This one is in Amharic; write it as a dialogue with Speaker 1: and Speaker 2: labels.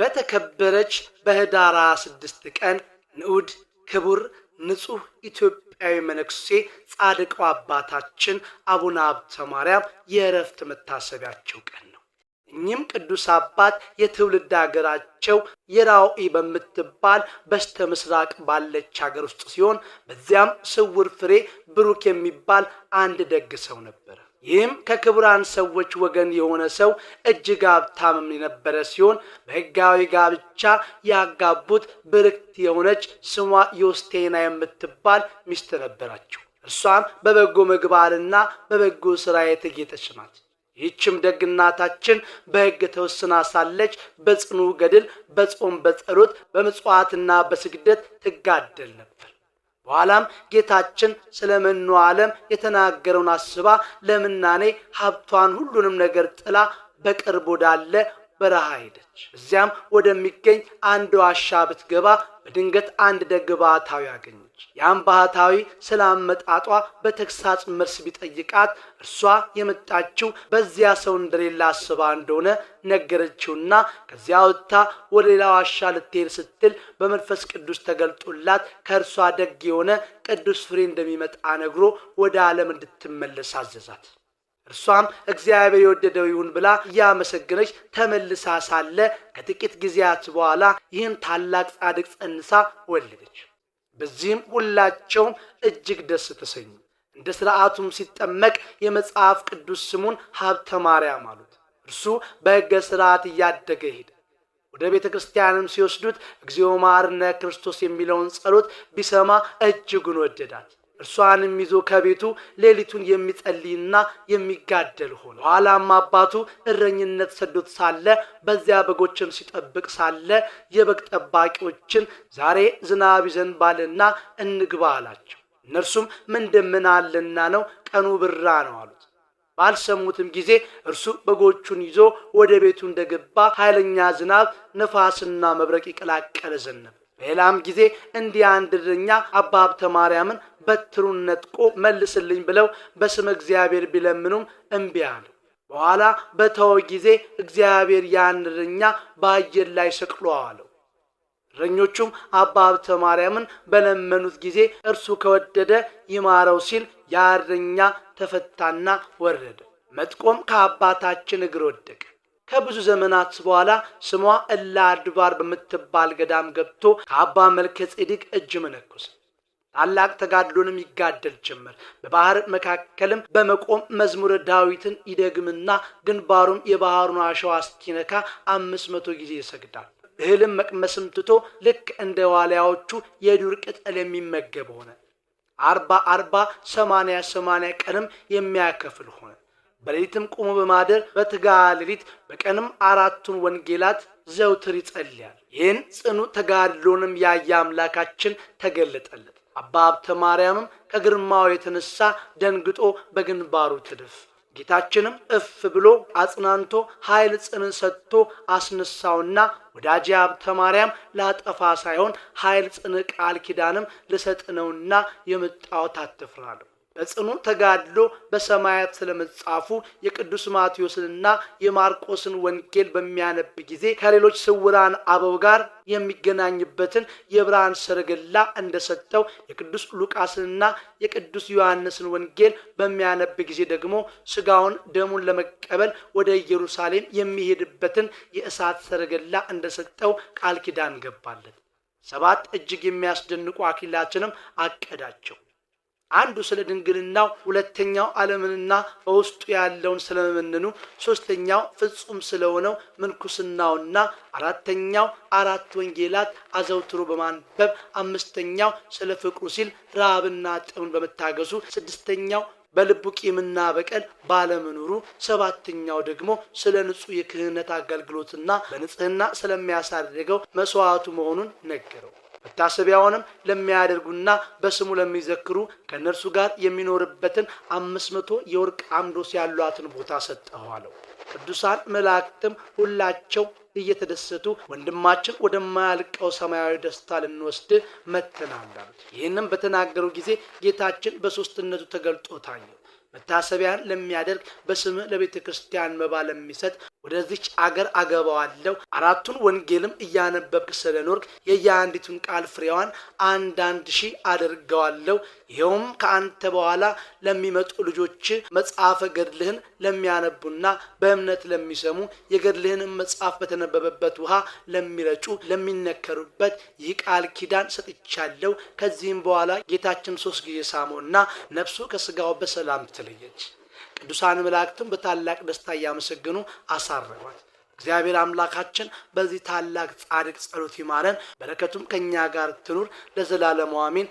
Speaker 1: በተከበረች በህዳር 6 ቀን ንዑድ ክቡር ንጹህ ኢትዮጵያዊ መነኩሴ ጻድቁ አባታችን አቡነ አብተ ማርያም የእረፍት መታሰቢያቸው ቀን ነው። እኚህም ቅዱስ አባት የትውልድ አገራቸው የራውኢ በምትባል በስተ ምስራቅ ባለች ሀገር ውስጥ ሲሆን በዚያም ስውር ፍሬ ብሩክ የሚባል አንድ ደግ ሰው ነበረ። ይህም ከክቡራን ሰዎች ወገን የሆነ ሰው እጅግ ሀብታምም የነበረ ሲሆን በህጋዊ ጋብቻ ያጋቡት ብርክት የሆነች ስሟ ዮስቴና የምትባል ሚስት ነበራቸው። እርሷም በበጎ ምግባርና በበጎ ስራ የተጌጠች ናት። ይህችም ደግናታችን በህግ በሕግ ተወስና ሳለች በጽኑ ገድል፣ በጾም፣ በጸሎት፣ በምጽዋትና በስግደት ትጋደል ነበር። በኋላም ጌታችን ስለ መኖ ዓለም የተናገረውን አስባ ለምናኔ ሀብቷን ሁሉንም ነገር ጥላ በቅርብ ወዳለ በረሃ ሄደች። እዚያም ወደሚገኝ አንድ ዋሻ ብትገባ በድንገት አንድ ደግ ባህታዊ አገኘች። ያም ባህታዊ ስለ አመጣጧ በተግሳጽ መልስ ቢጠይቃት እርሷ የመጣችው በዚያ ሰው እንደሌለ አስባ እንደሆነ ነገረችውና ከዚያ ወጥታ ወደ ሌላ ዋሻ ልትሄድ ስትል በመንፈስ ቅዱስ ተገልጦላት ከእርሷ ደግ የሆነ ቅዱስ ፍሬ እንደሚመጣ ነግሮ ወደ ዓለም እንድትመለስ አዘዛት። እርሷም እግዚአብሔር የወደደው ይሁን ብላ እያመሰገነች ተመልሳ ሳለ ከጥቂት ጊዜያት በኋላ ይህን ታላቅ ጻድቅ ጸንሳ ወለደች። በዚህም ሁላቸውም እጅግ ደስ ተሰኙ። እንደ ሥርዓቱም ሲጠመቅ የመጽሐፍ ቅዱስ ስሙን ሀብተ ማርያም አሉት። እርሱ በሕገ ሥርዓት እያደገ ሄደ። ወደ ቤተ ክርስቲያንም ሲወስዱት እግዚኦ ማርነ ክርስቶስ የሚለውን ጸሎት ቢሰማ እጅጉን ወደዳት። እርሷንም ይዞ ከቤቱ ሌሊቱን የሚጸልይና የሚጋደል ሆነ። ኋላም አባቱ እረኝነት ሰዶት ሳለ በዚያ በጎችን ሲጠብቅ ሳለ የበግ ጠባቂዎችን ዛሬ ዝናብ ይዘንባልና እንግባ አላቸው። እነርሱም ምን ነው፣ ቀኑ ብራ ነው አሉት። ባልሰሙትም ጊዜ እርሱ በጎቹን ይዞ ወደ ቤቱ እንደገባ ኃይለኛ ዝናብ ነፋስና መብረቅ ይቀላቀለ ዘነበ። በሌላም ጊዜ እንዲህ አንድ እረኛ አባ ሀብተ ማርያምን በትሩን ነጥቆ መልስልኝ ብለው በስም እግዚአብሔር ቢለምኑም እምቢ አሉ። በኋላ በተወ ጊዜ እግዚአብሔር ያን እረኛ በአየር ላይ ሰቅሎ አለው። እረኞቹም አባ ሀብተ ማርያምን በለመኑት ጊዜ እርሱ ከወደደ ይማረው ሲል ያ እረኛ ተፈታና ወረደ። መጥቆም ከአባታችን እግር ወደቀ። ከብዙ ዘመናት በኋላ ስሟ እላድባር በምትባል ገዳም ገብቶ ከአባ መልከ ጼዴቅ እጅ መነኮሰ። ታላቅ ተጋድሎንም ይጋደል ጀመር። በባህር መካከልም በመቆም መዝሙረ ዳዊትን ይደግምና ግንባሩም የባህሩን አሸዋ እስኪነካ አምስት መቶ ጊዜ ይሰግዳል። እህልም መቅመስም ትቶ ልክ እንደ ዋልያዎቹ የዱር ቅጠል የሚመገብ ሆነ። አርባ አርባ ሰማንያ ሰማንያ ቀንም የሚያከፍል ሆነ። በሌሊትም ቆሞ በማደር በትጋ ሌሊት በቀንም አራቱን ወንጌላት ዘውትር ይጸልያል። ይህን ጽኑ ተጋድሎንም ያየ አምላካችን ተገለጠለት። አባ ማርያምም ከግርማው የተነሳ ደንግጦ በግንባሩ ትድፍ ጌታችንም እፍ ብሎ አጽናንቶ ኃይል ጽንን ሰጥቶ አስነሳውና ወዳጄ ሀብተ ማርያም ላጠፋ ሳይሆን ኃይል ጽን ቃል ኪዳንም ልሰጥ ነውና የመጣሁት አትፍራ በጽኑ ተጋድሎ በሰማያት ስለመጻፉ የቅዱስ ማቴዎስንና የማርቆስን ወንጌል በሚያነብ ጊዜ ከሌሎች ስውራን አበው ጋር የሚገናኝበትን የብርሃን ሰረገላ እንደሰጠው የቅዱስ ሉቃስንና የቅዱስ ዮሐንስን ወንጌል በሚያነብ ጊዜ ደግሞ ስጋውን ደሙን ለመቀበል ወደ ኢየሩሳሌም የሚሄድበትን የእሳት ሰረገላ እንደሰጠው ቃል ኪዳን ገባለት። ሰባት እጅግ የሚያስደንቁ አኪላችንም አቀዳቸው። አንዱ ስለ ድንግልናው፣ ሁለተኛው ዓለምንና በውስጡ ያለውን ስለመመንኑ፣ ሶስተኛው ፍጹም ስለሆነው ምንኩስናውና፣ አራተኛው አራት ወንጌላት አዘውትሮ በማንበብ፣ አምስተኛው ስለ ፍቅሩ ሲል ረሃብና ጥምን በመታገሱ፣ ስድስተኛው በልቡ ቂምና በቀል ባለመኖሩ፣ ሰባተኛው ደግሞ ስለ ንጹህ የክህነት አገልግሎትና በንጽህና ስለሚያሳድገው መስዋዕቱ መሆኑን ነገረው። መታሰቢያውንም ለሚያደርጉና በስሙ ለሚዘክሩ ከእነርሱ ጋር የሚኖርበትን አምስት መቶ የወርቅ አምዶስ ያሏትን ቦታ ሰጠኸው አለው። ቅዱሳን መላእክትም ሁላቸው እየተደሰቱ ወንድማችን ወደማያልቀው ሰማያዊ ደስታ ልንወስድ መጥተናል አሉት። ይህንም በተናገሩ ጊዜ ጌታችን በሦስትነቱ ተገልጦ ታየ። መታሰቢያን ለሚያደርግ በስምህ ለቤተ ክርስቲያን መባ ለሚሰጥ ወደዚች አገር አገባዋለሁ። አራቱን ወንጌልም እያነበብክ ስለኖርክ የየአንዲቱን ቃል ፍሬዋን አንዳንድ ሺህ አድርገዋለሁ ይኸውም ከአንተ በኋላ ለሚመጡ ልጆች መጽሐፈ ገድልህን ለሚያነቡና በእምነት ለሚሰሙ የገድልህንም መጽሐፍ በተነበበበት ውሃ ለሚረጩ ለሚነከሩበት ይህ ቃል ኪዳን ሰጥቻለሁ። ከዚህም በኋላ ጌታችን ሶስት ጊዜ ሳሞና ነፍሱ ከስጋው በሰላም ትለየች። ቅዱሳን መላእክትም በታላቅ ደስታ እያመሰገኑ አሳረጓት። እግዚአብሔር አምላካችን በዚህ ታላቅ ጻድቅ ጸሎት ይማረን፣ በረከቱም ከእኛ ጋር ትኑር ለዘላለሙ አሜን።